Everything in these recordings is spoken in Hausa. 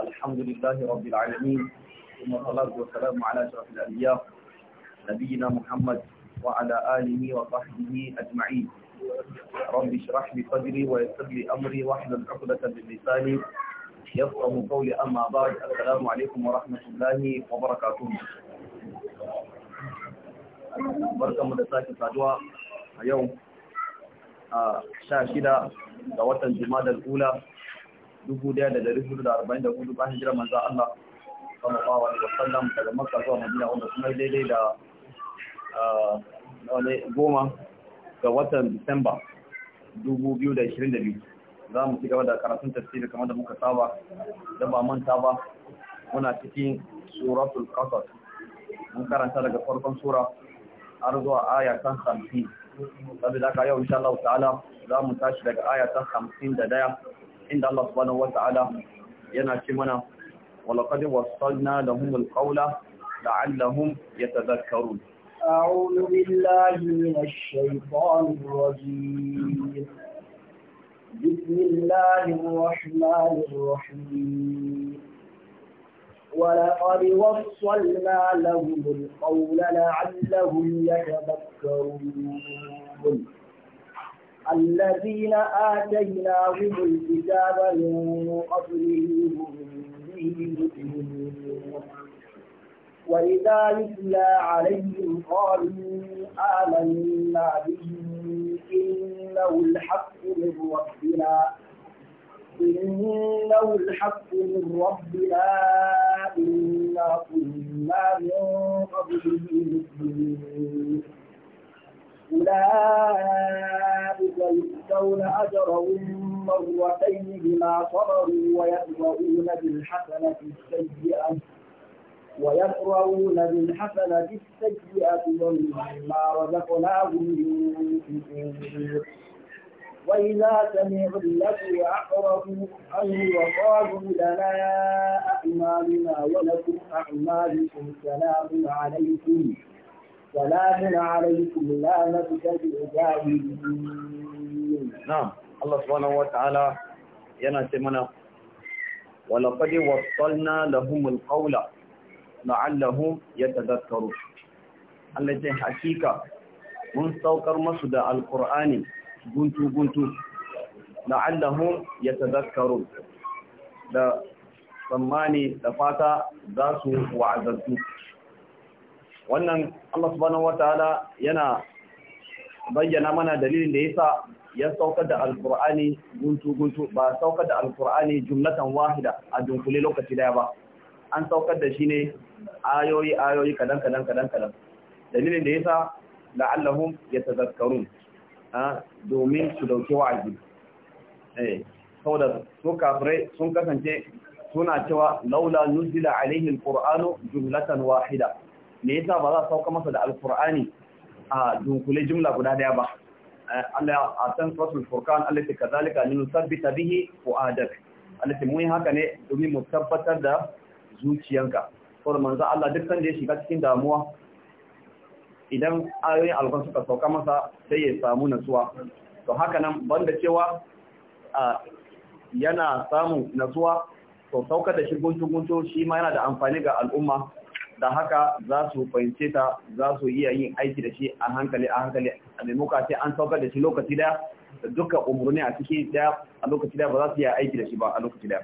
الحمد لله رب العالمين ثم الصلاة والسلام على أشرف الأنبياء نبينا محمد وعلى آله وصحبه أجمعين رب اشرح لي صدري ويسر لي أمري واحلل عقدة من لساني يفقه قولي أما بعد السلام عليكم ورحمة الله وبركاته بركة da sake اليوم a yau a sha shida dubu daya da dari hudu da arba'in da hudu bayan hijirar manzan Allah sallallahu alaihi wasallam daga Makka zuwa Madina wanda kuma daidai da ah, goma ga watan Disamba dubu biyu da ishirin da biyu za mu ci gaba da karatun tafsiri kamar da muka saba da ba manta ba muna cikin suratul qasas mun karanta daga farkon sura har zuwa aya ta 50 saboda haka yau insha Allah ta'ala za mu tashi daga aya ta daya. عند الله سبحانه وتعالى يناشمنا ولقد وصلنا لهم القول لعلهم يتذكرون أعوذ بالله من الشيطان الرجيم بسم الله الرحمن الرحيم ولقد وصلنا لهم القول لعلهم يتذكرون الذين آتيناهم الكتاب من قبله به وإذا يتلى عليهم قالوا آمنا به إنه الحق من ربنا إنه الحق من ربنا إنا كنا من قبله مسلمين أولئك يؤتون أجرهم مرتين بما صبروا ويقرؤون بالحسنة السيئة ويقرؤون بالحسنة السيئة مما رزقناهم ينفقون وإذا سمعوا اللغو أعرضوا عنه وقالوا لنا أعمالنا ولكم أعمالكم سلام عليكم فلا عليكم لا نبتد الجاهلين نعم الله سبحانه وتعالى يناتمنا ولقد وصلنا لهم القول لعلهم يتذكرون التي حقيقة من سوكر مسجد القرآن قنتو قنتو لعلهم يتذكرون da tsammani da fata za su wa'azantu wannan Allah subhanahu wataala yana bayyana mana dalilin da yasa ya saukar da alqur'ani guntu guntu ba saukar da alqur'ani jumlatan wahida a dunkule lokaci daya ba an saukar da shi ne ayoyi ayoyi kadan kadan kadan kadan dalilin da yasa la'allahum yatazakkarun domin su dauke wa'azi eh saboda su kafirai sun kasance suna cewa laula nuzila alaihi alqur'anu jumlatan wahida me yasa ba za a sauka masa da alkur'ani a dunkule jumla guda daya ba Allah a san rasul furqan allati kadhalika linusabbita bihi fuadak allati mun haka ne domin mu tabbatar da zuciyanka saboda manzo Allah duk sanda ya shiga cikin damuwa idan ayoyin alkur'ani suka sauka masa sai ya samu nasuwa to haka nan banda cewa yana samun nasuwa to saukar da shi gunjun guntu shi ma yana da amfani ga al'umma da haka za su fahimce ta za su iya yin aiki da shi a hankali a hankali a maimakon sai an saukar da shi lokaci daya da dukkan umarni a ciki daya a lokaci daya ba za su iya aiki da shi ba a lokaci daya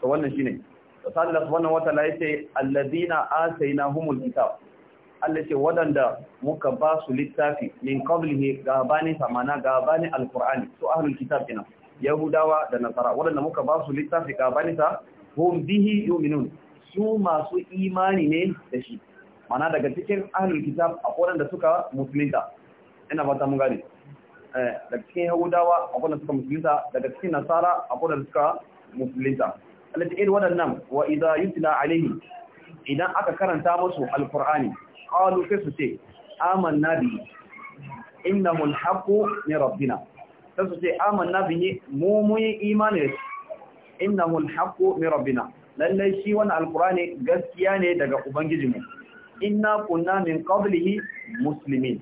to wannan shine to sai Allah subhanahu wataala yace allazina atainahumul kitab Allah ce wadanda muka ba su littafi min qablihi gabani samana gabani alqur'ani su ahlul kitab kenan yahudawa da nasara wadanda muka ba su littafi gabani sa hum bihi yu'minun su masu imani ne da shi mana daga cikin ahlul kitab akwai da suka musulunta ina fata mun gane eh, daga cikin yahudawa akwai da suka musulunta daga cikin nasara akwai da suka musulunta alati irin waɗannan wa idza yutla alaihi idan aka karanta musu alqur'ani qalu sai su ce amanna bi innahu alhaqu min rabbina sai su ce amanna bi mu mu imani innahu alhaqu min rabbina lallai shi wannan alkurani gaskiya ne daga ubangijinmu inna kunna min qablihi muslimin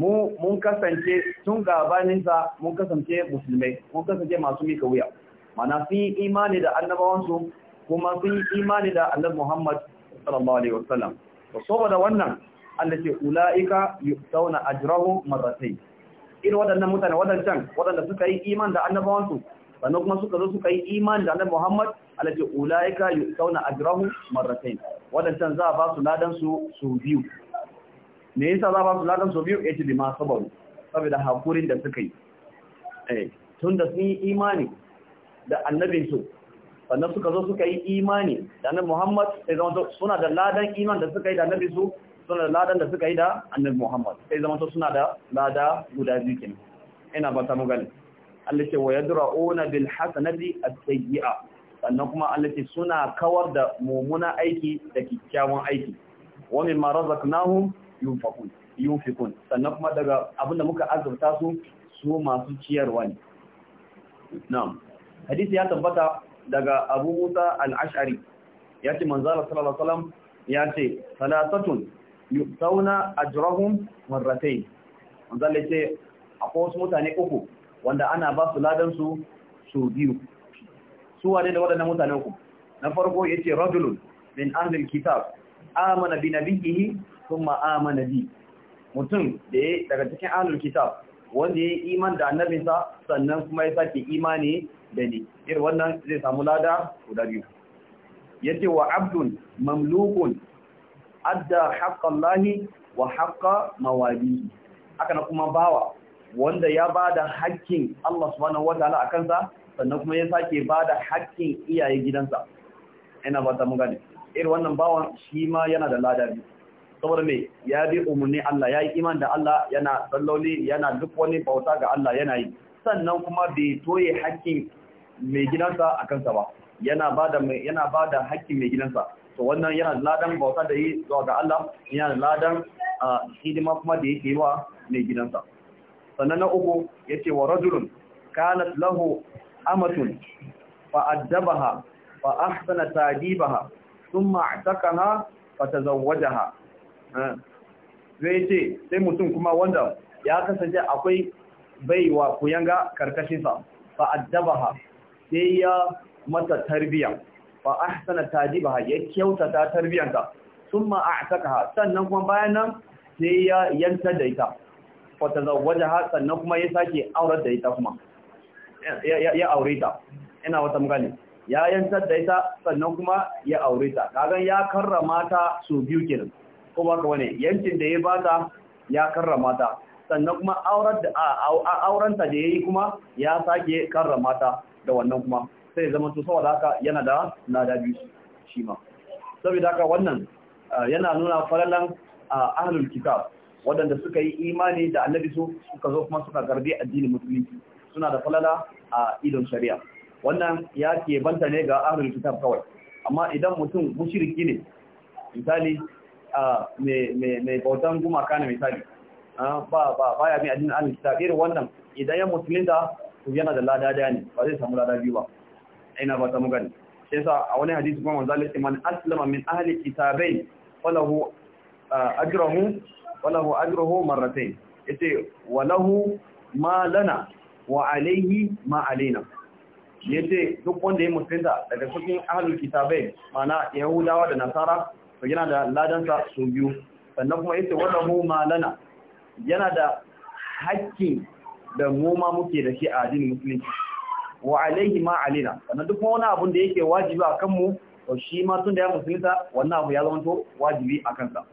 mu mun kasance tun gabaninsa mun kasance musulmai mun kasance masu mika wuya mana sun yi imani da annabawansu kuma sun yi imani da annabi Muhammad sallallahu alaihi wasallam to saboda wannan Allah ce ulaika yu'tauna ajrahum marratayn irin waɗannan mutane wadannan waɗanda suka yi iman da annabawansu sannan kuma suka zo suka yi imani da annabi Muhammad alati ulaika yusawna ajrahu marratayn wadannan za a ba su ladan su su biyu me yasa za a ba su ladan su biyu yace ma sabaru saboda hakurin da suka yi eh da sun yi imani da annabin su sannan suka zo suka yi imani da annabi Muhammad sai zama suna da ladan iman da suka yi da annabi su suna da ladan da suka yi da annabi Muhammad sai zama suna da lada guda biyu kenan ina ba ta magana Allah ce wa yadra'una bil hasanati as-sayyi'a sannan kuma Allah ce suna kawar da mumuna aiki da kikkiawan aiki wa mimma razaqnahum yunfaqun yunfiqun sannan kuma daga abinda muka azurta su su masu ciyarwa ne na'am hadisi ya tabbata daga Abu Musa al-Ash'ari Ya yace manzo Allah sallallahu alaihi wasallam yace salatatun yu'tawna ajrahum marratayn manzo Allah yace akwai wasu mutane uku wanda ana ba su ladan su su biyu su wane da waɗannan mutane uku na farko yace rajulun min ahlil kitab amana bi nabiyhi thumma amana bi mutum da ya daga cikin ahlul kitab wanda ya iman da annabinsa sannan kuma ya sake imani da ni irin wannan zai samu lada guda biyu yace wa abdun mamlukun adda haqqallahi wa haƙƙa mawalihi haka na kuma bawa wanda ya ba da hakkin Allah wata ala a kansa sannan kuma ya sake ba da hakkin iyaye gidansa ina ba ta gane irin wannan bawan shi ma yana da lada biyu saboda me ya bi umarni Allah ya yi iman da Allah yana salloli yana duk wani bauta ga Allah yana yi sannan kuma bai toye hakkin mai gidansa a kansa ba yana ba da hakkin mai gidansa to wannan yana da ladan bauta da yi zuwa ga Allah yana da ladan ah, hidima kuma da yake yi wa mai gidansa sannan na uku ce wa rajulun kanat lahu amatun fa addabaha fa ahsana tadibaha thumma atakaha fa ha zai ce sai mutum kuma wanda ya kasance akwai baiwa kuyanga karkashinsa fa ha sai ya mata tarbiya fa ahsana ha ya kyauta ta tarbiyanta thumma ha sannan kuma bayan nan sai ya yanta da ita wata waje ha sannan kuma ya sake aurar da ita kuma ya aure ta ina wata magani ya yantar da ita sannan kuma ya aure ta kagan ya karrama ta su biyu kenan kuma ka wane yankin da ya ba ta ya karrama ta sannan kuma auren ta da ya yi kuma ya sake karrama ta da wannan kuma sai zama to saboda haka yana da lada biyu shi ma saboda haka wannan yana nuna falalan ahlul kitab waɗanda suka yi imani da annabi su suka zo kuma suka garbe addinin musulunci suna da falala a idon shari'a wannan ya ke banta ne ga ahlul kitab kawai amma idan mutum mushriki ne misali mai bautan gumaka ne misali ba ba baya mai addinin ahlul kitab irin wannan idan ya musulunta to yana da lada daya ne ba zai samu lada biyu ba ina ba ta gani sai sa a wani hadisi kuma manzo Allah man aslama min ahli kitabai falahu ajrahu walahu ajruhu marratayn yace walahu ma lana wa alayhi ma alaina yace duk wanda ya musulunta daga cikin ahlul kitabai mana yahudawa da nasara to yana da ladansa su biyu sannan kuma yace walahu ma lana yana da hakki da mu ma muke da shi a addinin musulunci wa alayhi ma alaina sannan duk wani abun da yake wajibi akan mu to shi ma tun da ya musulunta wannan abu ya zama to wajibi akan sa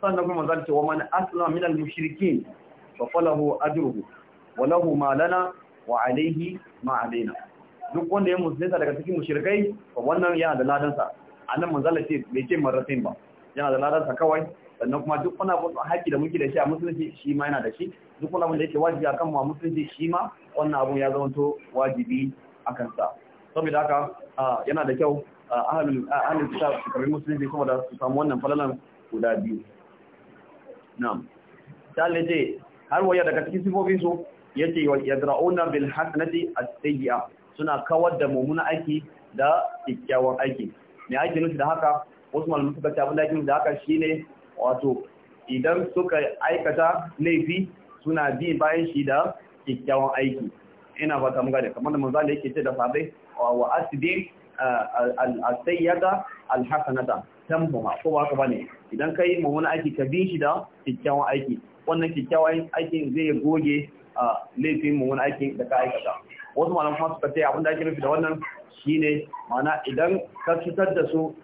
sannan kuma zan ce wa man aslama min al-mushrikin fa falahu ajruhu wa lahu ma lana wa alayhi ma alaina duk wanda ya musulunta daga cikin mushrikai fa wannan yana da ladan sa annan manzo Allah ce bai ce marasin ba yana da ladan sa kawai sannan kuma duk wani abu haƙi da muke da shi a musulunci shi ma yana da shi duk wani abu da yake wajibi akan mu a musulunci shi ma wannan abu ya zama wajibi akan sa saboda haka yana da kyau ahalin kitab su karbi musulunci da su samu wannan falalan guda biyu na'am sai har waya daga cikin sifofin su yace wa yadra'una bil hasanati as-sayyi'a suna kawar da mummunan aiki da kikkiawan aiki me ake nufi da haka wasu malamai suka ce abin da haka shine wato idan suka aikata laifi suna bi bayan shi da kikkiawan aiki ina ba ta muga da kamar da manzo da yake ce da sabai wa asbi al-sayyata al-hasanata tamhuma ko ba ka bane idan kai wani aiki ka bi shi da kikkiawan aiki wannan kikkiawan aikin zai goge laifin wani aiki da ka aikata wasu malam kuma suka ce abin da ake nufi da wannan shine ma'ana idan ka cutar da su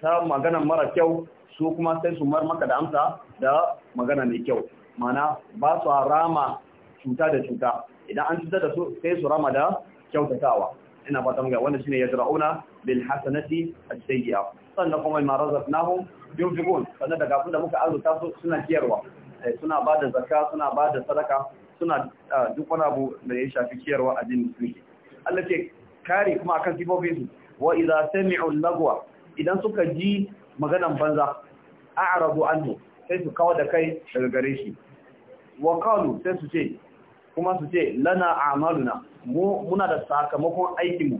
ta magana mara kyau su kuma sai su mar maka da amsa da magana mai kyau ma'ana ba su rama cuta da cuta idan an cutar da su sai su rama da kyautatawa ina fata mun ga wannan shine yazra'una bil hasanati as-sayyi'a sannan kuma ma razaqnahum yunfiqun sannan daga abin da muka arzuta su suna ciyarwa eh, suna bada zakka suna ba da sadaka suna ah, duk wani abu da ya shafi ciyarwa a jin musulunci Allah ce kare kuma akan sifofin su wa idza sami'u lagwa idan suka ji maganan banza a'rabu anhu sai su kawo da kai daga gare shi wa qalu sai su ce kuma su ce lana amaluna muna da sakamakon aikinmu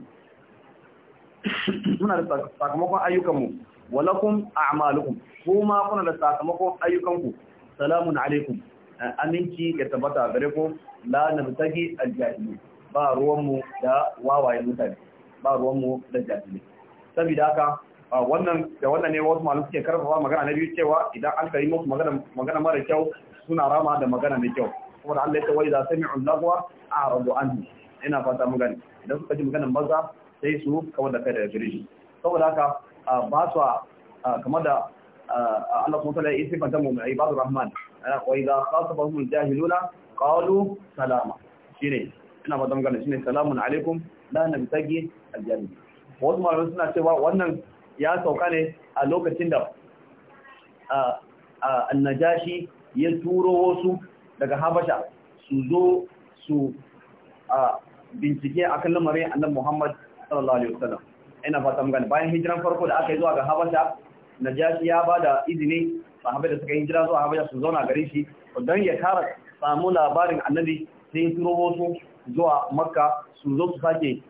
muna da sakamakon ayyukanmu walakum a'malukum kuma kuna da sakamakon ayyukanku salamun alaikum eh, aminci ya tabbata gare ku la nabtagi aljahili ba ruwanmu da wawaye mutane ba ruwanmu da jahili saboda haka wannan da wannan ne wasu malu suke karfafa magana na biyu cewa idan an kai musu magana magana mara kyau suna rama da magana mai kyau kuma da Allah ya tawai da sami'u lagwa a'radu anhu ina fata mu gani idan suka ji maganar maza sai su kawar da kai daga gare shi saboda haka ba su kamar da Allah subhanahu wa ta'ala ya sifanta mu mai ibadur rahman wa idza khatabahum al-jahiluna qalu salama shine ina fata mu gani shine salamun alaikum la nabtagi al-jahil wasu malamai suna cewa wannan ya sauka ne a lokacin da Najashi ya turo wasu daga habasha su zo su bincike a kan lamarin annan muhammad sallallahu alaihi wasallam ina fata gani bayan hijiran farko da aka yi zuwa ga habasha najashi ya ba da izini sahabai da suka hijira zuwa habasha su zauna gare shi don ya kara samu labarin annabi sai turo wasu zuwa makka su zo su sake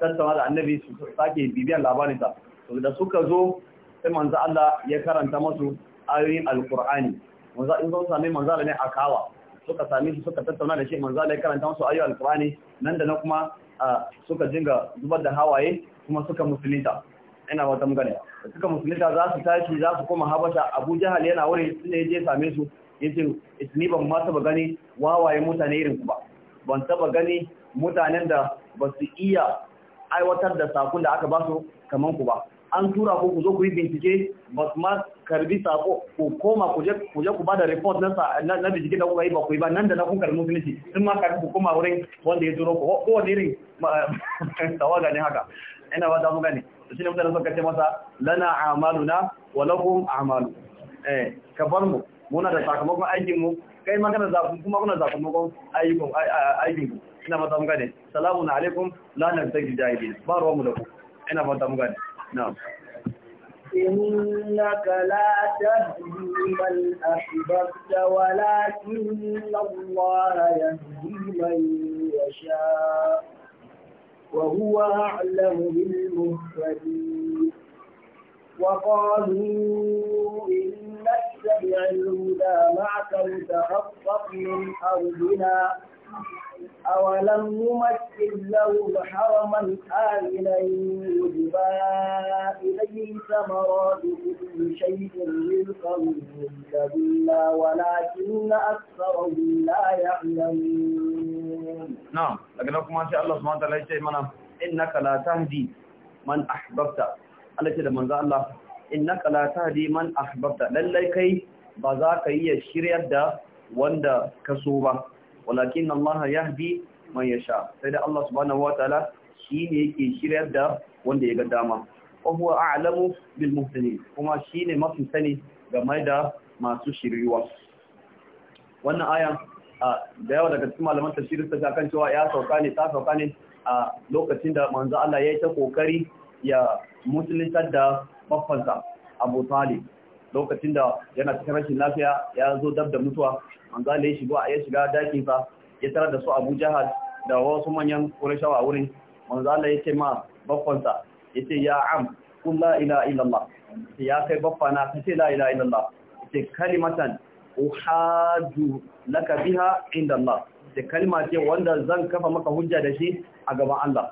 tattauna da annabi su sake bibiyan labarinsa da suka zo sai manzo Allah ya karanta masu ayoyin alkur'ani manzo in zo same manzo ne a kawa suka same shi suka tattauna da shi manzo Allah ya karanta musu ayoyi alqur'ani nan da nan kuma suka jinga zubar da hawaye kuma suka musulunta ina wata magana suka musulunta za su tashi za su koma habasha Abu Jahal yana wurin tunda je same su yace ni ban ma taba gani wawaye mutane irin ku ba ban taba gani mutanen da ba su iya aiwatar da sakon da aka ba su kaman ku ba an tura ko ku zo ku yi bincike ba su ma karbi sako ku koma ku je ku ba da report na na bincike da kuka yi ba ku yi ba nan da na kun karbi finishi sun ma karbi ku koma wurin wanda ya turo ku ko wani irin tawaga ne haka ina ba ta muka ne shi ne mutane suka ce masa lana amaluna wa lahum amalu eh ka bar mu muna da sakamakon aikin mu kai magana za ku kuma kuna sakamakon ayyukan aikin ku ina ba za mu gani salamu alaikum la nabtagi jahilin ba ruwan mu da ku ina ba za mu gani نعم إنك لا تهدي من أحببت ولكن الله يهدي من يشاء وهو أعلم بالمهتدين وقالوا إن نتبع الهدى معك متخطف من أرضنا أولم نمكن لهم حرما آمنا يجبى إليه ثمرات كل شيء رزقا كلا ولكن أكثرهم لا يعلمون نعم لكن ما شاء الله سبحانه وتعالى شيء منا إنك لا تهدي من أحببت أنا كده من ذا الله إنك لا تهدي من أحببت للي كي بذاك هي الشريعة wanda ka so ba walakin Allah yahdi man sha sai da Allah subhanahu shi shine yake shiryar da wanda ya ga dama wa huwa a'lamu bil kuma shine mafi sani game da masu shiryuwa wannan aya da yawa daga cikin malaman tafsiri ta kan cewa ya sauka ne ta sauka ne a lokacin da manzo Allah ya yi ta kokari ya musulunta da mafansa Abu Talib lokacin da yana cikin rashin lafiya ya zo dab da mutuwa manzo Allah ya shigo ya shiga dakin sa ya tarar da su Abu Jahal da wasu manyan Qurayshawa wurin manzo Allah ya ce ma baffan sa yace ya am kun la ilaha illallah ya kai baffana kace la ilaha illallah ce kalimatan uhadu laka biha inda Allah da kalma ce wanda zan kafa maka hujja da shi a gaban Allah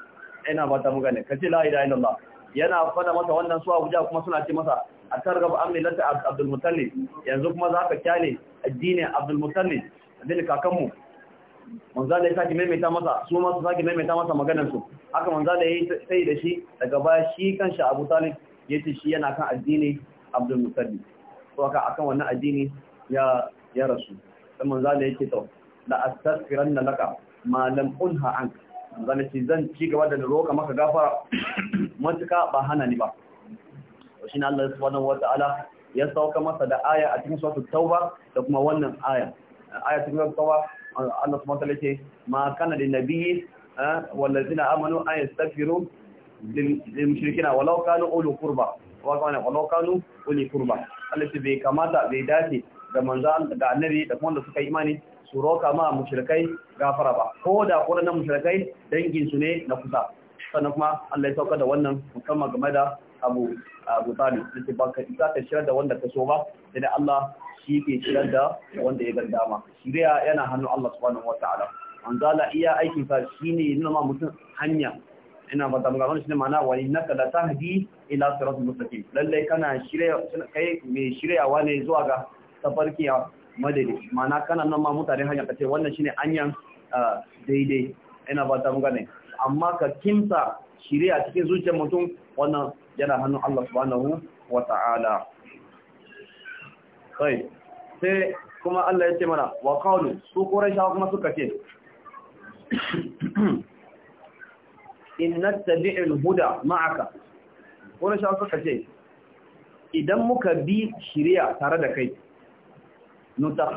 ina ba ta mugane ka ce la ilaha illallah yana fada masa wannan su abuja kuma suna ce masa a targaba an millata abdul mutallib yanzu kuma za ka kyale addinin abdul mutallib addinin kakanmu manzo da ya sake maimaita masa su ma su sake maimaita masa maganar haka manzo da yayi sai da shi daga baya shi kan kanshi Abu Talib yace shi yana kan addini Abdul Muttalib to haka akan wannan addini ya ya rasu sai manzo da yake to la astaghfiranna laka ma lam unha anka manzo da ce zan ci gaba da roƙa maka gafara matuka ba hana ni ba shi ne Allah subhanahu wata'ala ya sauka masa da aya a cikin suratul tauba da kuma wannan aya aya cikin suratul tauba Allah subhanahu wata'ala ce ma kana lin nabiyyi eh, wal ladina amanu an yastaghfiru lil mushrikina walau kanu ulu qurba wa kana walau kanu uli qurba Allah ce bai kamata bai dace da manzo da annabi da kuma wanda suka yi imani su roka ma mushrikai gafara ba ko da kuma na mushrikai dangin su ne na kusa sannan kuma Allah ya sauka da wannan musamman game da abu abu talib yace ba ka isa ta shirar da wanda ka so ba sai da Allah shi ke shirar da wanda ya ganda ma shirya yana hannun Allah subhanahu wataala manzala iya aikin sa shine nuna ma mutum hanya ina ba da magana shine mana naka da ta hadi ila siratal mustaqim lalle kana shirya kai me shiryawa ne zuwa ga tafarkiya madadi mana kana nan ma mutane hanya kace wannan shine anyan daidai ina ba ta magana amma ka kimsa shirya cikin zuciyar mutum wannan yana hannun Allah subhanahu wa ta'ala sai sai kuma Allah ya ce mana wa kawo su quraisha kuma suka ce in tabi'in huda ma'aka quraisha suka ce idan muka bi shirya tare da kai nuta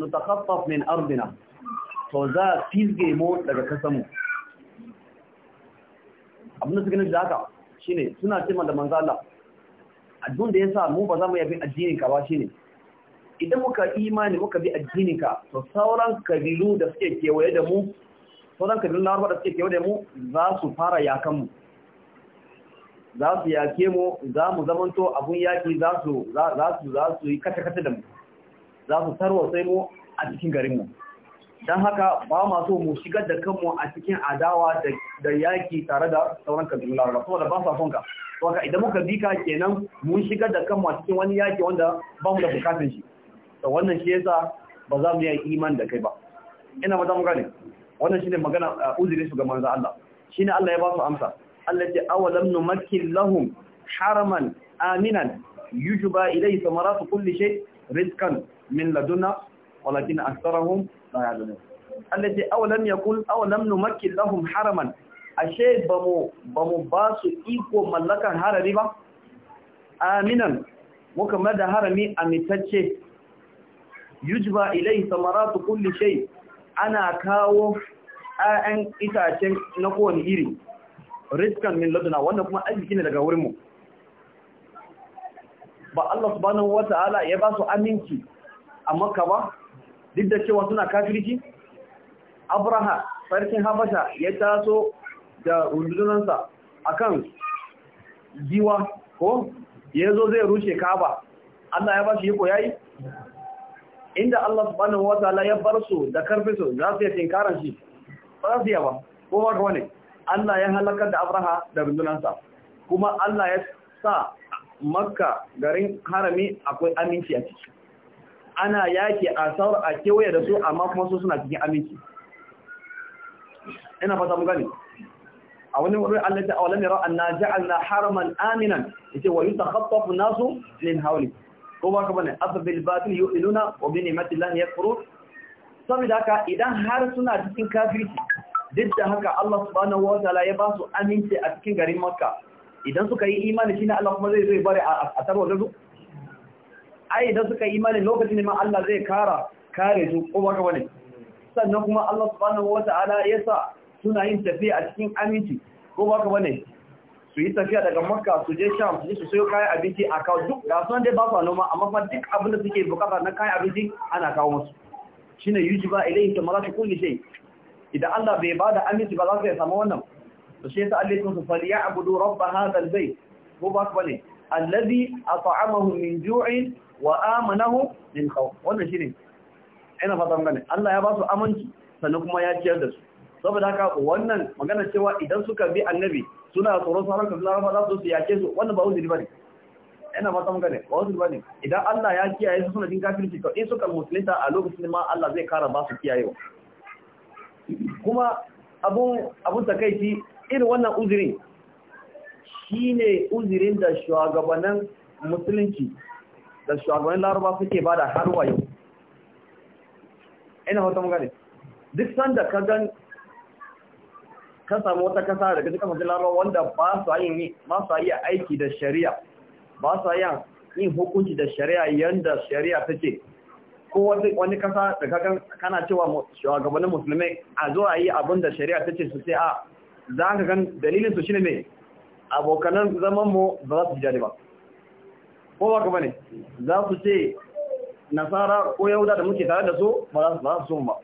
nutakhaffaf min ardina to za fizge mu daga kasanmu abin da suka nufi da haka shine suna ce da manzala. Allah abin da yasa mu ba za mu yabi addinin ka ba shine idan muka imani muka bi addinin ka to sauran kabilu da suke kewaye da mu sauran kabilun da suke kewaye da mu za su fara yakan mu za su yake mu za mu zamanto abun yaki za su za su za su yi kata kata da mu za su tarwa sai mu a cikin garin mu don haka ba ma so mu shigar da kanmu a cikin adawa da yaki tare da sauran kabilun larabawa saboda ba sa son ka to idan muka bi ka kenan mun shigar da kanmu a cikin wani yaki wanda ba mu da bukatun shi to wannan shi yasa ba za mu yi iman da kai ba ina ba za mu gane wannan shine magana uh, uzuri su ga manzo Allah shine Allah ya ba su amsa Allah ya ce awalam numakkin lahum haraman aminan yujba ilayhi samaratu kulli shay rizqan min laduna walakin aktharuhum la ya'lamun Allah ce awalam yakul awalam numakkil lahum haraman ashe bamu bamu ba su iko mallakan harari ba aminan muka mada harami amitacce yujba ilai samaratu kulli shai. ana kawo ayan itacen na kowane iri riskan min laduna wannan kuma arziki ne daga wurinmu ba Allah subhanahu wata'ala ya ba su aminci a makka ba duk da cewa suna kafirci abraha sarkin habasha ya taso da rundunansa akan giwa ko ya zo zai rushe kaba Allah ya ba shi yiko yayi inda Allah subhanahu Ta'ala ya bar su da karfi su za su yi tinkaran shi ba za su yi ba ko ba ka wani Allah ya halakar da abraha da rundunansa kuma Allah ya sa makka garin harami akwai aminci a ciki ana yaki a saur a kewaye da su amma kuma su suna cikin aminci ina fata mu gani a wani wuri Allah ta awalami ra anna ja'alna haraman aminan yace wa yutakhaffafu nasu min hawli ko ba ka bane asbil batil yu'minuna wa bi ni'mati llahi yakfurun saboda haka idan har suna cikin kafirci duk da haka Allah subhanahu wa ta'ala ya ba su aminci a cikin garin Makka idan suka yi imani ne Allah kuma zai zai bare a tarwa da su ai da suka yi imani lokacin ne ma Allah zai kara kare su ko baka bane sannan kuma Allah subhanahu wata'ala ya sa suna yin tafiya a cikin aminci ko baka bane su yi tafiya daga makka su je sham su je su sayo kayan abinci a kawo duk da sun dai ba su noma amma fa duk abin da suke bukata na kayan abinci ana kawo musu shine yujiba ilayhi tamaratu kulli shay idan Allah bai bada aminci ba za su samu wannan to shi yasa Allah ya kunsu falyabudu rabb hadha albayt ko baka bane الذي at'amahum من جوع wa amanahu min khawf wannan shine ina fata mun Allah ya ba su aminci sannan kuma ya ciyar da su saboda haka wannan magana cewa idan suka bi annabi suna tsoron sauran kasu larafa za su yake su wannan ba uzuri bane ina fata mun gane ba uzuri bane idan Allah ya kiyaye su suna din kafirci to in suka musulunta a lokacin ma Allah zai kara ba su kiyayewa kuma abun abun takaici irin wannan uzurin shine uzurin da shugabannin musulunci da shugabannin laraba suke bada har wa yau ina duk sanda ka gan ka samu wata kasa daga cikin masu laraba wanda ba su yin ba su iya aiki da shari'a ba su iya yin hukunci da shari'a yadda shari'a ta ce ko wani kasa da gan kana cewa shugabannin musulmai a zo a yi abin da shari'a ta ce su sai a za ka gan dalilin su shine ne abokanan zaman mu ba za su ji ba ko ba ka bane za su ce nasara ko yahuda da muke tare da su ba za su so ba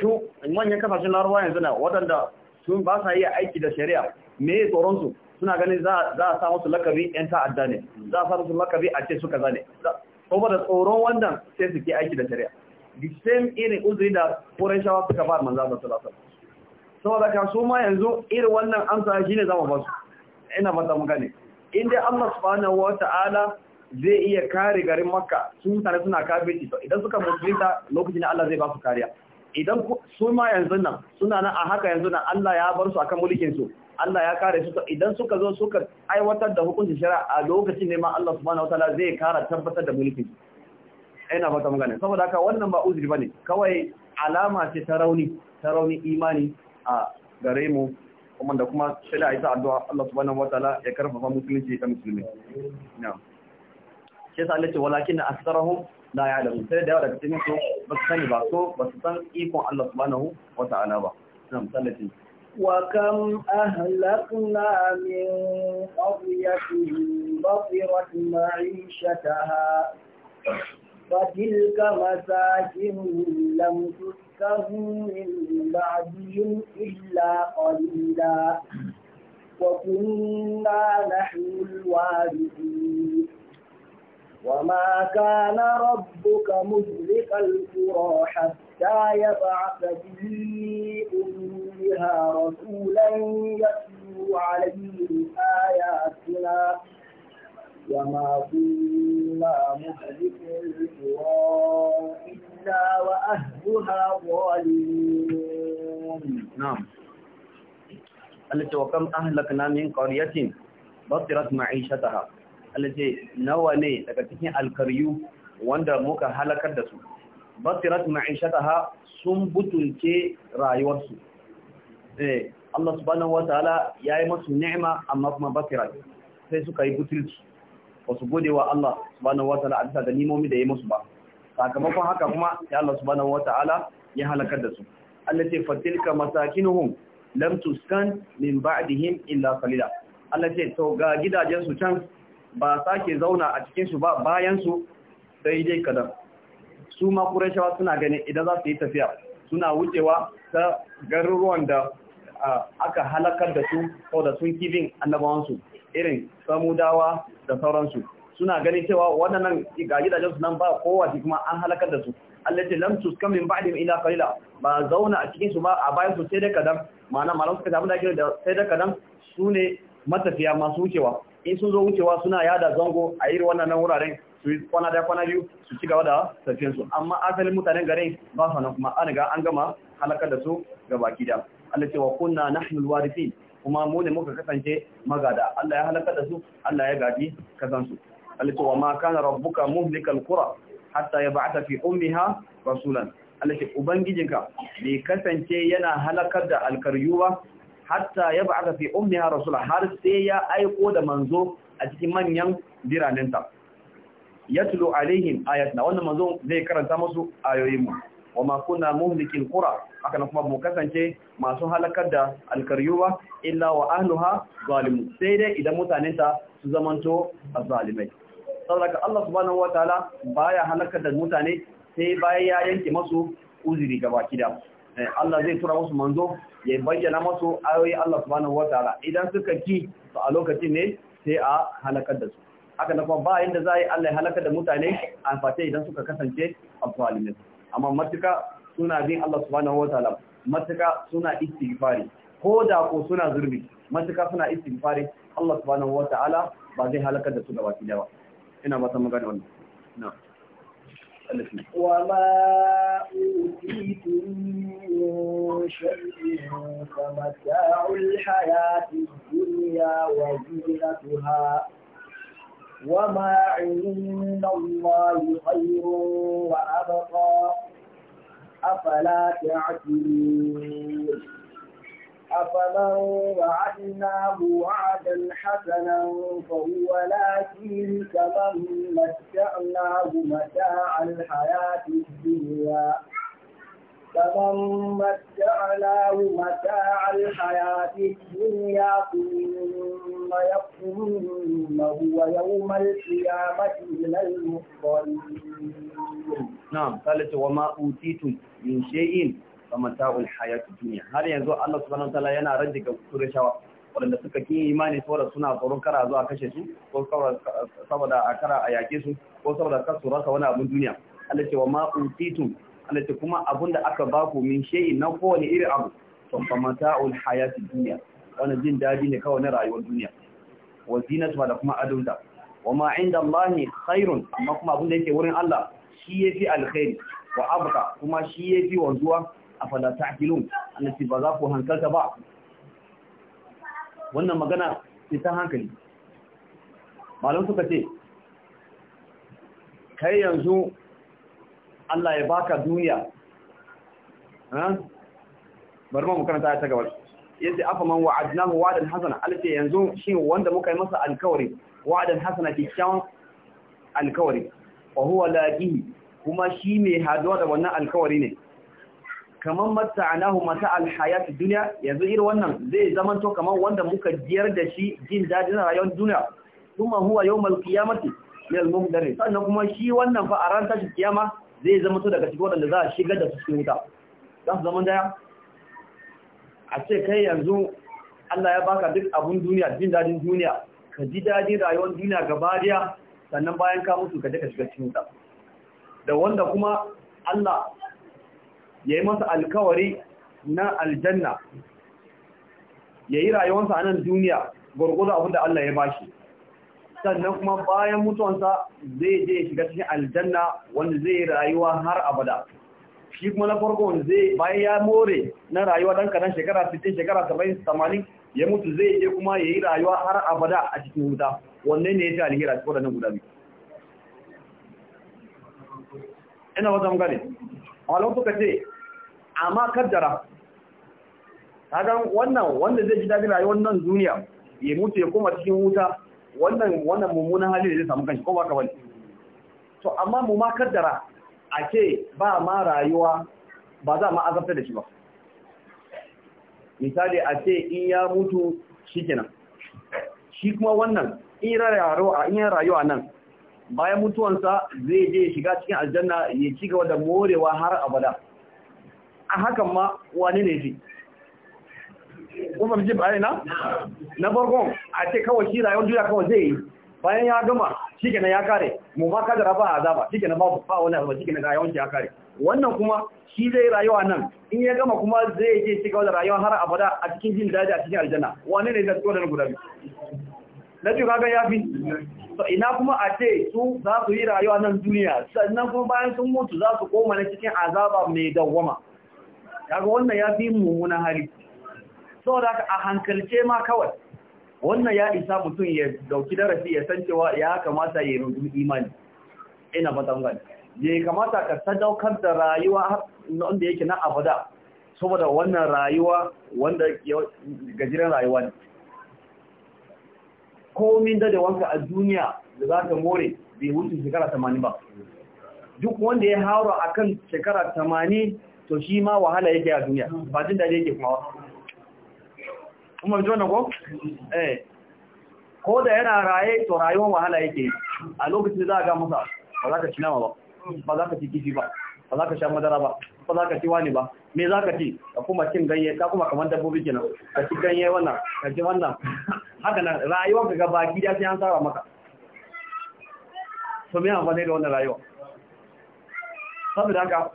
su manyan kafashin larabawa yanzu na waɗanda sun ba sa iya aiki da shari'a me ya tsoron su suna ganin za a sa musu lakabi yan ta'adda ne za a sa musu lakabi a ce suka zane da tsoron wannan sai su ke aiki da shari'a the same irin uzuri da furen shawar suka ba manzo da sallallahu alaihi saboda ka su ma yanzu irin wannan amsa shine zamu ba su ina ta muka ne in dai Allah subhanahu ta'ala zai iya kare garin makka sun tare suna kafirci to idan suka musulunta lokacin Allah zai ba su kariya idan su ma yanzu nan suna nan a haka yanzu nan Allah ya bar su akan mulkin su Allah ya kare su idan suka zo suka aiwatar da hukuncin shari'a a lokacin ne ma Allah subhanahu wataala zai kara tabbatar da mulkin su ina ba ta magana saboda haka wannan ba uzuri bane kawai alama ce ta rauni ta rauni imani a gare mu kuma da kuma sai da ayi addu'a Allah subhanahu wataala ya karfafa musulunci da musulmi na'am ke sa Allah ce walakin aktharuhum la ya'lamu sai da yawa cikin su ba su sani ba ko ba su san ikon Allah subhanahu wata'ala ba sai misalin wa kam ahlakna min qaryatin basirat ma'ishataha fa tilka masakin lam tuskahum min ba'dihim illa qalila wa kunna nahnu al-warithun وما كان ربك مهلك القرى حتى يبعث في أمها رسولا يتلو عليهم آياتنا وما كنا مهلك القرى إلا وأهلها ظالمون نعم التي وكم أهلكنا من قرية بطرت معيشتها alaje nawa ne daga cikin alkaryu wanda muka halakar da su basirat ma'ishataha sun butulce rayuwarsu eh Allah subhanahu wataala yayi musu ni'ima amma kuma basirat sai suka yi butulci wasu gode wa Allah subhanahu wataala a bisa da nimomi da ya musu ba sakamakon haka kuma ya Allah subhanahu wataala ya halakar da su Allah ce fatilka masakinuhum lam tuskan min ba'dihim illa qalila Allah ce to ga gidajen su can ba sake zauna a cikinsu ba bayansu sai dai kadan su ma kurashawa suna ganin idan za su yi tafiya suna wucewa ta garuruwan da aka halakar da su ko da sun kibin annabawansu irin samudawa da sauransu suna ganin cewa waɗannan ga gidajensu nan ba kowace kuma an halakar da su allace lam tuskan min ba'dihim ila qalila ba zauna a cikin ba a bayan su sai da kadan ma'ana malamu suka tafi da sai da kadan su ne matafiya masu wucewa in sun zo wucewa suna yada zango a irin wannan wuraren su yi kwana da kwana biyu su ci gaba da su amma asalin mutanen garin ba su kuma an riga an gama halakar da su ga baki da Allah ce kunna nahnu alwarithin kuma mu ne muka kasance magada Allah ya halakar da su Allah ya gadi kazansu Allah ce wa ma kana rabbuka muhlikal qura hatta yab'atha fi ummiha rasulan Allah ce ubangijinka bai kasance yana halakar da alkaryu ba. hatta ya ba'aka fi ummiha rasula har sai ya aiko da manzo a cikin manyan biranenta yatlu alaihim ayatna wannan manzo zai karanta musu ayoyin mu Wa ma kunna muhlikil qura haka kuma mu kasance masu halakar da alkaryuwa illa wa ahluha zalimu sai dai idan ta su zamanto zalimai saboda Allah subhanahu wataala baya halakar da mutane sai baya ya yanke masu uzuri gaba gida. Eh, Allah zai tura musu manzo ya bayyana musu ayoyi Allah subhanahu wataala idan suka ki to a lokacin ne sai a halakar da su haka na kuma ba yanda za a yi Allah ya halaka da mutane a face idan suka kasance abdalimin amma matuka suna bin Allah subhanahu wataala matuka suna istighfari ko da ko suna zurbi matuka suna istighfari Allah subhanahu wataala ba zai halaka da su gaba ki da ba ina ba ta magana wannan na'am وما أوتيتم من شيء فمتاع الحياة الدنيا وزينتها وما عند الله خير وأبقى أفلا تعقلون أفمن وعدناه وعدا حسنا فهو لاقيه كمن متعناه متاع الحياة الدنيا كمن متعناه متاع الحياة الدنيا ثم يقوم هو يوم القيامة من المفضلين. نعم قالت وما أوتيتم من شيء wa mata'ul hayatu duniya, har yanzu Allah subhanahu wataala yana rage ga kurashawa wanda suka ki imani saboda suna tsoron kara zuwa kashe su ko saboda a kara a yake su ko saboda kar su rasa wani abin duniya Allah ce wa ma utitum Allah ce kuma abin da aka ba ku min shay'i na kowane irin abu to fa mata'ul hayati duniya wannan jin dadi ne kawai na rayuwar duniya wa zinatu da kuma adunta wa ma inda Allah khairun amma kuma abin da yake wurin Allah shi yafi alkhairi wa abqa kuma shi yafi wanzuwa afala ta'qilun annati ba za ku hankalta ba wannan magana ce ta hankali malam suka ce kai yanzu Allah ya baka duniya bari mu karanta ta gaba yace afa man mu wa'dan hasana alce yanzu shi wanda muka yi masa alkawari wa'dan hasana kikkiawan alkawari wa huwa laqihi kuma shi mai haduwa da wannan alkawari ne kamar mata'anahu mata alhayat duniya yanzu iri wannan zai zamanto kamar wanda muka jiyar da shi jin dadin rayuwar duniya kuma huwa yawmal qiyamati min al sannan kuma shi wannan fa a ran tashi kiyama zai to daga cikin wanda za a shigar da su cikin wuta za su zama daya a ce kai yanzu Allah ya baka duk abun duniya jin dadin duniya ka ji dadin rayuwar duniya gaba daya sannan bayan ka mutu ka je ka shiga cikin wuta da wanda kuma Allah ya yi masa alkawari na aljanna ya yi rayuwarsa a nan duniya gwargwado abinda Allah ya bashi sannan kuma bayan mutuwansa zai je shiga cikin aljanna wanda zai rayuwa har abada shi kuma na farko zai bayan ya more na rayuwa dan kadan shekara 60 shekara 70 80 ya mutu zai je kuma ya yi rayuwa har abada a cikin wuta wanne ne ya ce alhira cikin wadannan guda biyu ina wata mugane malon suka ce amma kaddara kagan wannan wanda zai ji daɗin rayuwar nan duniya ya mutu ya koma cikin wuta wannan wannan mummunan hali da zai samu kanshi ko ba ka bane to amma mu ma kaddara a ce ba ma rayuwa ba za ma azabta da shi ba misali a ce in ya mutu shi kenan, shi kuma wannan in ya rayuwa nan bayan mutuwansa zai je shiga cikin aljanna ya ci gaba da morewa har abada a hakan ma wani ne fi? kuma fi bayan na na farkon a ce kawai shi rayuwar juya kawai zai yi bayan ya gama shi kenan ya kare mu ma kadara a zaba shi kenan babu ba wani azaba shi kenan rayuwar shi ya kare wannan kuma shi zai rayuwa nan in ya gama kuma zai je shi kawai da rayuwa har abada a cikin jin daji a cikin aljanna wani ne zai tsoron da guda biyu na ji kaga ya fi ina kuma a ce su za su yi rayuwa nan duniya sannan kuma bayan sun mutu za su koma na cikin azaba mai dawwama kaga wannan ya fi mummunan hali saboda a hankalce ma kawai wannan ya isa mutum ya dauki darasi ya san cewa ya kamata ya rubu imani ina fatan gani ya kamata ka sadaukar da rayuwa wanda yake na abada saboda wannan rayuwa wanda gajiren rayuwa ne komin da da wanka a duniya da za ka more bai wuce shekara tamani ba duk wanda ya haura a kan shekara tamani to shi ma wahala yake a duniya ba jin daji yake kuma kuma ji wannan ko? eh ko da yana raye to rayuwar wahala yake a lokacin za a ga masa ba za ka ci nama ba ba za ka ci kifi ba ba za ka sha madara ba ba za ka ci wani ba me za ka ci ka kuma cin ganye ka kuma kamar dabbobi kenan ka ci ganye wannan ka ci wannan haka nan rayuwar ka gaba gida sai an tsara maka to me amfani da wannan rayuwa saboda haka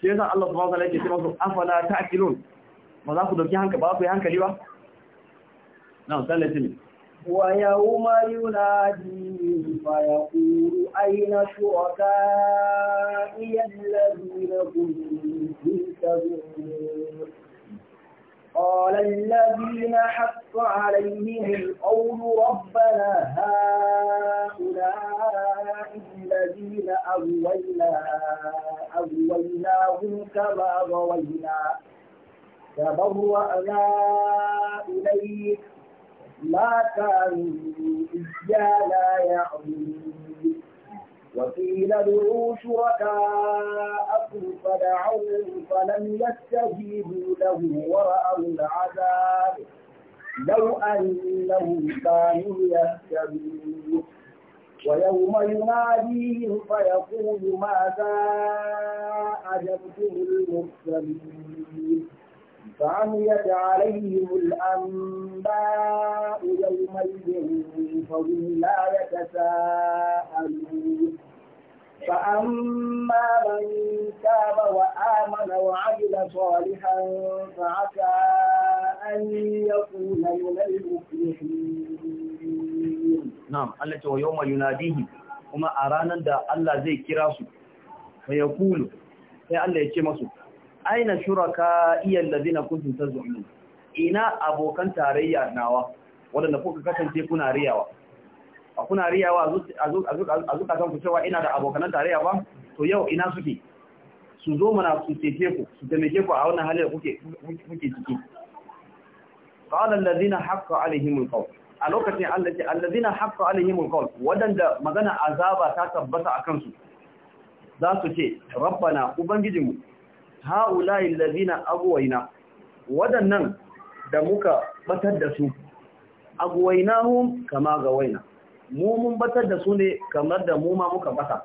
shi yasa Allah subhanahu wa ta'ala yake cewa su afala ta'qilun ba za ku dauki hankali ba ku yi hankali ba na sallati ne ويوم يناديهم فيقول أين شركائي الذين كنتم تدعون قال الذين حق عليهم القول ربنا هؤلاء الذين أغوينا أغويناهم كما غوينا تبرأنا إليك ما كانوا لا يعبدون وقيل ادعوا شركاءكم فدعوهم فلم يستجيبوا له ورأوا العذاب لو أنهم كانوا يهتدون ويوم يناديهم فيقول ماذا أجبتم المرسلين فعميت عليهم الأنباء يومئذ فهم لا يتساءلون فأما من تاب وآمن وعمل صالحا فعسى أن يكون من المفلحين نعم التي ويوم يناديهم kuma a ranar da Allah zai kira su, fa ya kulu, sai Allah ya ce masu, aina shuraka iyan lazina ta zuwa ina abokan tarayya nawa waɗanda kuka kasance kuna riyawa a kuna riyawa a zukatan ku cewa ina da abokan tarayya ba to yau ina suke su zo mana su teke ku su taimake ku a wannan halin da kuke ciki? ciki da zina haqqa alaihimul qawl a lokacin Allah ce zina haqqa alaihimul qawl waɗanda magana azaba ta tabbata a kansu, za su ce rabbana ubangijinmu ha'ula'i lazina agwaina waɗannan da muka batar da su hun kama waina, mu mun batar da su ne kamar da mu ma muka bata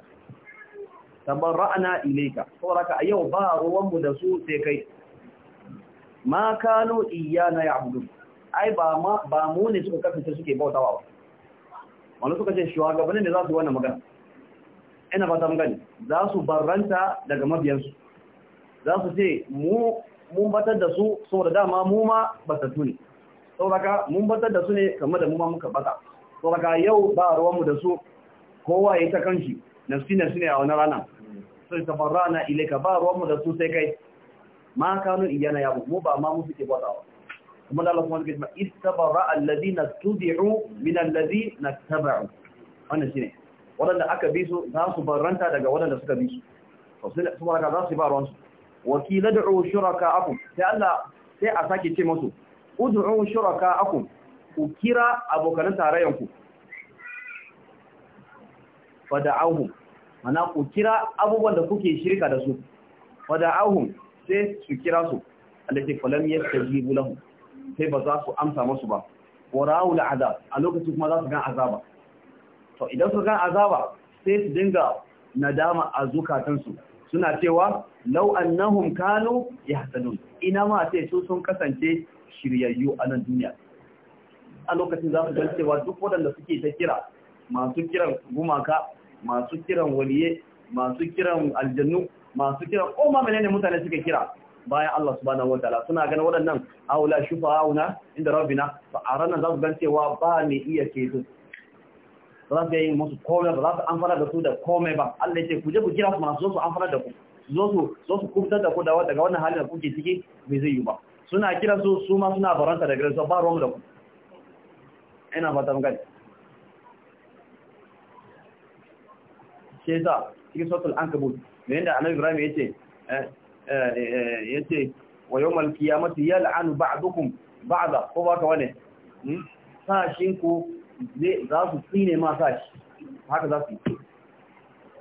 ra’ana ileka, saboda a yau ba ruwan mu da su sai kai ma kanu iyana ya'budun ai ba ma ba mu ne suka kafinta suke bautawa wani suka ce shugabannin ne za su wannan magana ina ba ta magana za su barranta daga mabiyansu za su ce mu mun batar da su da dama mu ma batattu ne saboda mun batar da su ne kamar da mu ma muka bata saboda yau ba ruwanmu da su kowa ya ta kanshi na su ne a wani rana sai na ileka ba ruwanmu da su sai kai ma kanu iyana ya mu ba ma mu suke batawa kuma da Allah kuma suke cewa istabara alladhina tubi'u min alladhina tabu wannan shine wadanda aka bi su za su baranta daga wadanda suka bi su to sai za su ba ruwansu wakila da da'u shuraka'akum sai Allah sai a sake ce musu ud'u shuraka'akum ku kira abokan tarayyanku fada'ahum mana ku kira abubuwan da kuke shirka da su fada'ahum sai su kira su allati falam yastajibu lahu sai ba za su amsa masu ba wa ra'ul al'azab a lokacin kuma za su ga azaba to idan su ga azaba sai su dinga nadama a zukatansu suna cewa law annahum kanu yahtanun ina ma sai su sun kasance shiryayyu a nan duniya a lokacin za su ga cewa duk waɗanda suke ta kira masu kiran gumaka masu kiran waliye masu kiran aljannu masu kiran ko ma menene mutane suke kira bayan Allah subhanahu wataala suna gani waɗannan aula shufa'auna inda rabbina fa arana za su ga cewa ba ne iya ceto ba za su yi musu komai ba za su amfana da su da komai ba Allah ya ce ku je ku kira su masu zo su amfana da ku zo su zo su kubutar da ku da daga wannan halin da kuke ciki bai zai yi ba suna kira su su ma suna baranta da gare su ba ruwan da ku ina fata mun gani ke da cikin sautul ankabut me yanda annabi Ibrahim ce eh, eh, eh ce wa ya qiyamati yal'anu ba'dukum ba'da ko ba ka wane hmm? sashin ku za su tsine ma sa shi haka za su yi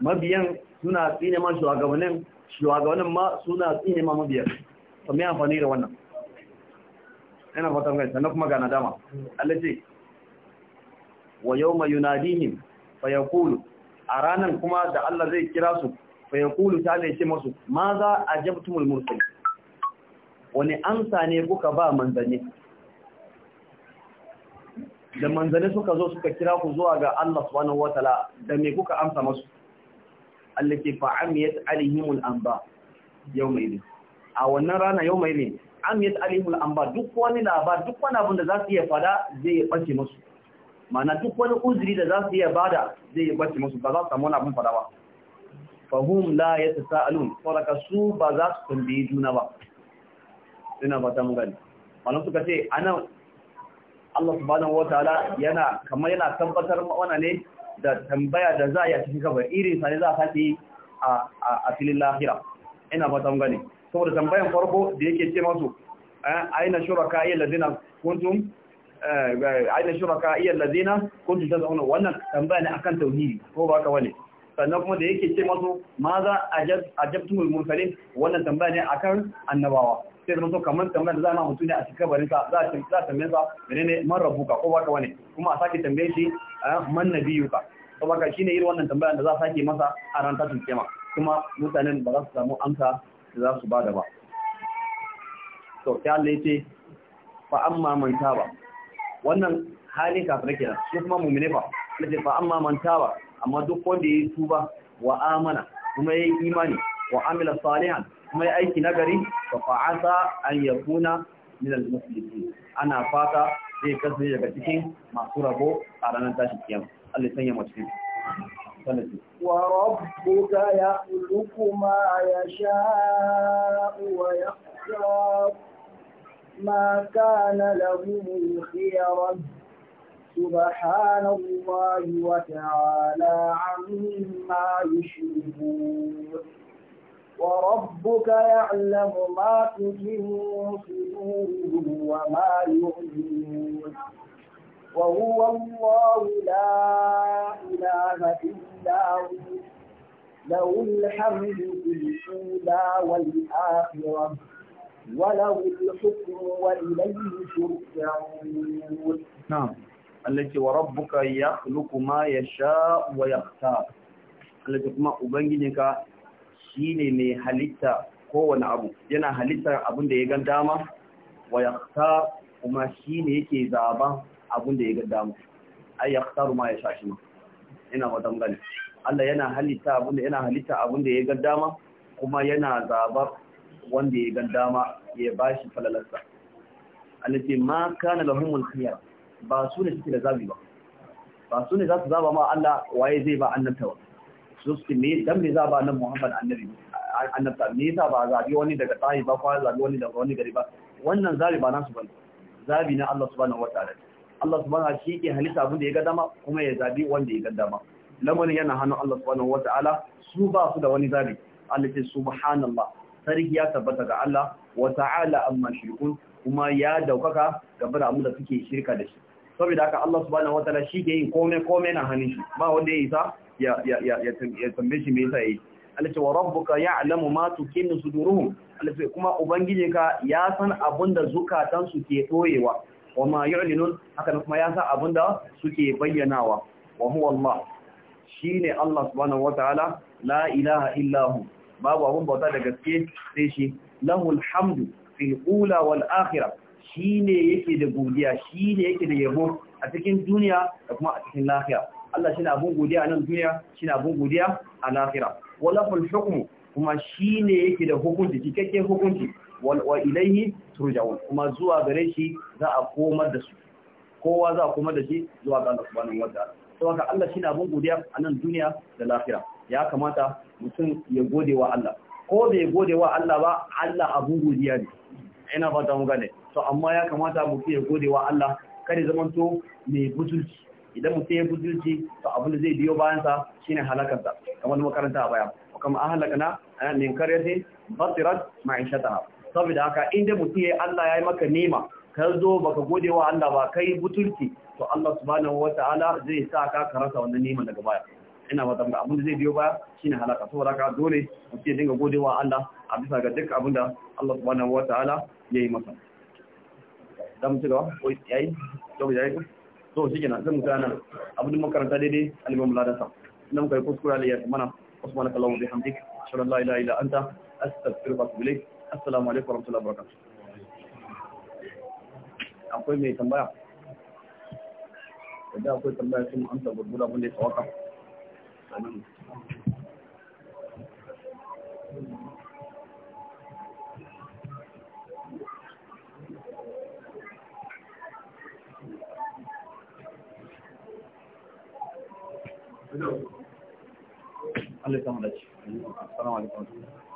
mabiyan suna tsine ma shugabannin shugabannin ma suna tsine ma mabiyan ta mai amfani da wannan ina fatan kai sannan kuma ga nadama Allah ce wa mai yunadihim fa yaqulu a ranan kuma da Allah zai kira su fayakulu ta ne ce musu ma za jabtumul mursali wani amsa ne kuka ba manzanni da manzane suka zo suka kira ku zuwa ga Allah subhanahu wataala da me kuka amsa masu allati fa'amiyat alaihimul anba yawma ne. a wannan rana yawma idin amiyat alaihimul anba duk wani labar duk wani abin da za su iya fada zai bace musu mana duk wani uzuri da za su iya bada zai bace musu ba za su samu wani abin fada ba fahum la yatasaalun saboda su ba za su tambayi juna ba ina ba ta mun gani malam suka ce ana Allah subhanahu wataala yana kamar yana tabbatar mana ne da tambaya da za a yi a cikin kabari irin sa ne za a sake a a filin lahira ina ba tan gani saboda tambayan farko da yake ce masu eh, aina shuraka ayyul ladina kuntum eh, aina shuraka ayyul ladina kuntum tazuna wannan tambaya ne akan tauhidi ko ba ka wani sannan kuma da yake ce masu maza ajab ajabtumul mursalin wannan tambaya ne akan annabawa sai zama to kamar tambayar da za a mutum ne a cikin kabarin sa za a tambaye sa menene man rabuka ko baka wani kuma a sake tambaye shi man nabiyuka to baka shine irin wannan tambayar da za a sake masa a ran ta kiyama kuma mutanen ba za su samu amsa da za su bada ba to ya ce fa amma man taba wannan hali kafin kenan su kuma mu'mine fa nace fa amma man taba amma duk wanda ya yi tuba wa amana kuma ya yi imani wa amila salihan kuma ya aiki nagari ba fa'asa an yakuna min al ana fata zai kasance daga cikin masu rabo a ranar tashin kiyama Allah ya sanya mu cikin وربك يخلق ما يشاء ويختار ما كان لهم الخيرة سبحان الله وتعالى عما يشركون وربك يعلم ما تجن صدورهم وما يعلنون وهو الله لا إله إلا هو له الحمد في الأولى والآخرة وله الحكم وإليه ترجعون نعم التي وربك يخلق ما يشاء ويختار التي كما أبنجنك shine mai halitta kowane abu yana halittar abin da ya ga dama wa yakhtar kuma shine yake zaban abin da ya ga dama ay yakhtar ma ya shashi ma ina fatan Allah yana halitta abin da yana halitta abin da ya ga dama kuma yana zaba wanda ya ga dama ya bashi falalarsa alifin ma kana lahumul khiyar ba su ne suke da zabi ba ba su ne za su zaba ma Allah waye zai ba annabta su me dan me za ba nan Muhammad annabi annabta me yasa ba zabi wani daga tahi ba ko zabi wani daga wani gari ba wannan zabi ba nasu bane zabi na Allah subhanahu wataala Allah subhanahu wataala shi ke halitta abin da ya ga dama kuma ya zabi wanda ya ga dama lamarin yana hannun Allah subhanahu wataala su ba su da wani zabi Allah ce subhanallah sarki ya tabbata ga Allah wa ta'ala amma shirkun kuma ya daukaka gaba abin da suke shirka da shi saboda haka Allah subhanahu wataala shi ke yin komai komai na hannun shi ba wanda ya isa ya tambaye shi me yasa yi ce wa rabbuka ya'lamu ma tukinnu suduruhum Allah ce kuma ubangijinka ya san abinda zukatan su ke doyewa wa ma yu'linun haka kuma ya san abinda suke bayyanawa wa huwa Allah shine Allah subhanahu wataala la ilaha illa hu babu abun bauta da gaske sai shi lahul hamdu fil ula wal akhirah shine yake da godiya shine yake da yabo a cikin duniya da kuma a cikin lafiya Allah shi na abin godiya a nan duniya shi na abin godiya a lafira walafin hukumu kuma shi ne yake da hukunci cikakken hukunci wa ilaihi turja'un kuma zuwa gare shi za a komar da su kowa za a komar da shi zuwa ga Allah subhanahu wa ta'ala to haka Allah shi na abin godiya a nan duniya da lafira ya kamata mutum ya gode wa Allah ko da ya gode wa Allah ba Allah abin godiya ne ina fata mu gane to amma ya kamata mutum ya gode wa Allah kada zamanto mai butulci idan mutum ya butulci to abin da zai biyo bayan sa shine halakarsa kamar makaranta a baya kuma an halakana ana min sai basirat ma'ishataha saboda haka inda mutum ya Allah ya yi maka nema ka zo baka gode wa Allah ba kai butulci to Allah subhanahu wataala zai sa ka ka rasa wannan nema daga baya ina fatan da abin da zai biyo baya shine halaka saboda haka dole mutum ya dinga gode wa Allah a bisa ga duk abin da Allah subhanahu wataala ya yi masa. Zamu ci gaba? Yayi? Yau yayi? to shi kenan zan mu tsaya nan abin makaranta daidai alimin muladansa muka yi kuskura da yadda mana wasu usman kallahu bihamdik shalla la ilaha ila anta astaghfiruka wa atubu ilayk assalamu alaikum wa rahmatullahi wa barakatuh akwai mai tambaya da akwai tambaya sun amsa gurgura abin da ya tsawaka Allah ya samu dace. Assalamu alaikum.